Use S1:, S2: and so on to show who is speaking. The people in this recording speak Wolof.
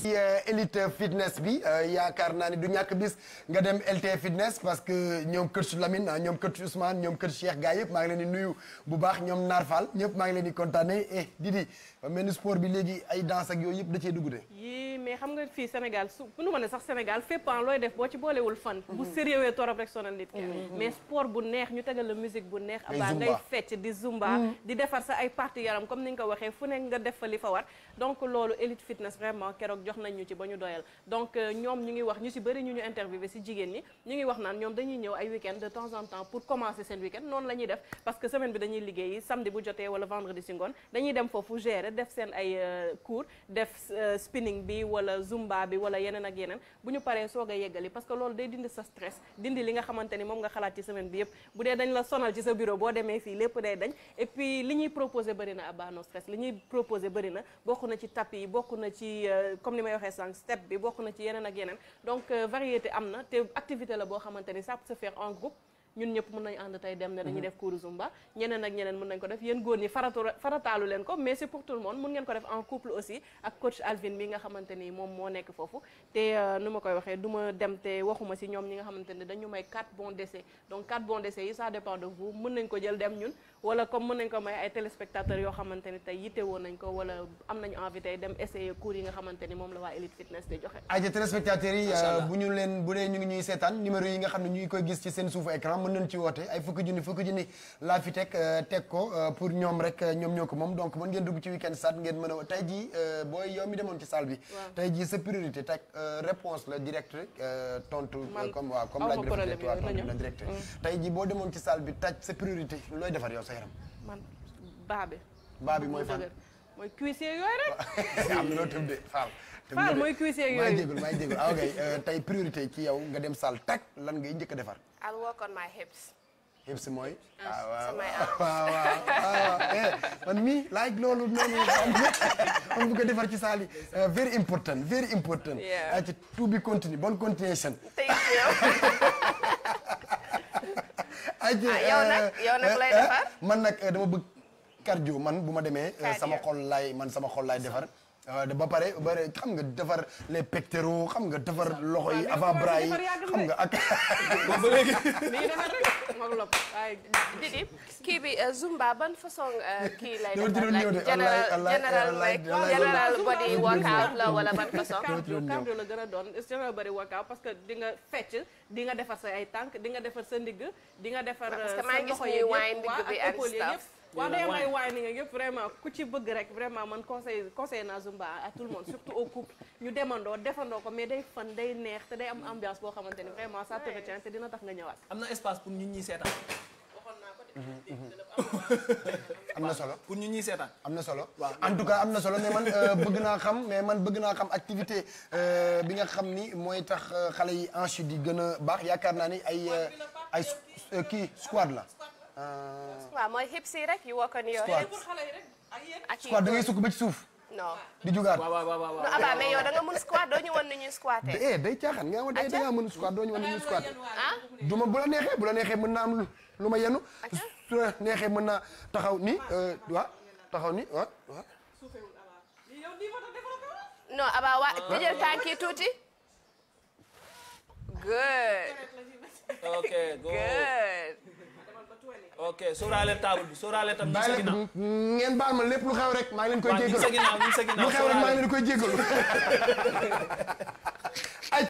S1: ci élite fitness bi euh, yaakaar naa ne du ñàkk bis nga dem LT fitness parce que ñoom coach Lamine ñoom coach Ousmane ñoom coach Cheikh gars yëpp maa ngi leen di nuyu bu baax ñoom Naar Fall ñëpp maa ngi leen di kontaane eh Didi mel ni sport bi léegi ay danse ak yooyu yëpp da cee dugg de
S2: mais xam nga fii Sénégal su bu nu ma ne sax Sénégal fépp ah looy def boo ci boolewul fan mhm. bu sérieux torop rek nit ki mhm. mais sport bu neex ñu tegal la musique bu neex abaa ngay fecc di zumba mhm. di defar sa ay partie yaram comme ni nga waxee fu nekk nga def fa li fa war donc loolu élite fitness vraiment keroog jox nañ ci ba ñu doyal donc euh, ñoom ñu ngi wax ñu si bëri ñu ñu interviewé si jigéen ñi ñu ngi wax naan ñoom dañuy ñëw ay week de temps en temps wala zumba bi wala yeneen ak yeneen bu ñu paree soo a yeggali parce que loolu day dindi sa stress dindi li nga xamante ni moom nga xalaat ci semaine bi yëpp bu dee dañ la sonal ci sa bureau boo demee fii lépp day dañ et puis li ñuy proposé bëri na Abba No Stress li ñuy proposé barina na bokk na ci tapis yi bokk na ci euh, comme ni may waxee sànq step bi bokk na ci yeneen ak yeneen donc euh, variété am na te activité la boo xamante ni ça peut se faire en groupe ñun ñëpp mun nañ ànd tey dem ne dañuy mhm. def cours zumba ñeneen ak ñeneen mën nañ ko def yéen góor ñi faratu farataalu leen ko mais c'est pour tout le monde mën ngeen ko def en couple aussi ak coach Alvin mi nga xamante ni moom moo nekk foofu te euh, nu ma koy waxee du ma dem te waxuma si ñoom ñi nga xamante ni dañu may quatre bons d'essai donc quatre bons d'essai yi ça dépend de vous mën nañ ko jël dem ñun wala comme mën nañ ko may ay téléspectateurs yoo xamante ni tey yitte woon nañ ko wala am nañu envie tey dem essayer cours yi moom la waa Elite
S1: euh, leen bu dee ñu ngi ñuy ne ñu ngi koy seen suufu écran mën nañ ci woote ay fukki junni fukki junni laa fi teg euh, teg ko euh, pour ñoom rek euh, ñoom ñoo ko moom donc mën ngeen dugg ci weekend start ngeen mën a tey ji booy yow mi demoon ci salle bi tey jii sa priorité teg réponse la direct tontu comme waaw comme laaj bi la direct mm. tey jii boo demoon ci salle bi taj sa priorité looy defar yow sa yaram
S2: man baa
S1: baa bi mooy fan
S2: mooy cuissier yooyu rek.
S1: am na loo tëb de Fall. Fall mooy cuissier yooyu maa ah, euh, tey priorité ci yow nga dem salle teg lan ngay njëkk a defar.
S2: I'll work on my hips.
S1: hips mooy. ah, ah waaw ah, waaw eh, man mii laaj loolu noonu defar ci salle euh, very important very important. waaw ci to be continue bonne continuation. thank you. Euh, man nag dama bëgg. cardio man bu ma demee. Euh, sama xol lay man sama xol laay defar. Euh, ba pare ba pare xam nga defar les pectoraux xam nga defar loxo yi avant bras yi xam nga ak. ba
S2: léegi. didi kii bi euh, Zumba ban façon kii lay defar like général général body workout la wala ban façon. cardio cardio la gën a doon général bari workout parce que di nga fecc di nga defar sa ay tànk di nga defar sa ndigg di nga defar. sa loxo yi yëpp ndigg bi and stuff waaw day am waay ni nga yëpp vraiment ku ci bëgg rek vraiment man conseil conseil naa Zumba a tout le monde surtout au ñu demandoo defandoo ko mais day fan day neex te day am ambiance boo xamante ni vraiment ça te te dina tax nga ñëwaat.
S1: am na espace pour ñun ñuy mhm, mhm. am na solo pour ñu ñuy seetaan am na solo en tout cas am na solo mais man euh, bëgg naa xam mais man bëgg naa xam activité euh, bi nga xam ni mooy tax euh, xale yi ensuite di gën a baax yaakaar naa ni ay ay kii squad la
S2: waaw mooy hips yi rek yu wokkoon yoo. ak squat da ngay sukk ba ci suuf. non
S1: di jugaat waaw waaw waaw non Abba mais yow da nga mën squat doo ñu wan ni ñuy squatter. Eh, eh, eh, ah? ah? du ma bu la neexee bu la neexee mën naa am lu ma yenu. su la neexee mën naa taxaw ni ah. euh, waaw taxaw ni waaw waaw.
S2: non Abba waa tëjal tànk yi tuuti.
S1: ok sóoraale table bi sóoraale tam. ñu sa ginnaaw ngeen baal ma lépp lu xew maa ngi koy jégalu. waaw ñu sa ginnaaw ñu sa ginnaaw lu xew rek maa ngi koy jégalu.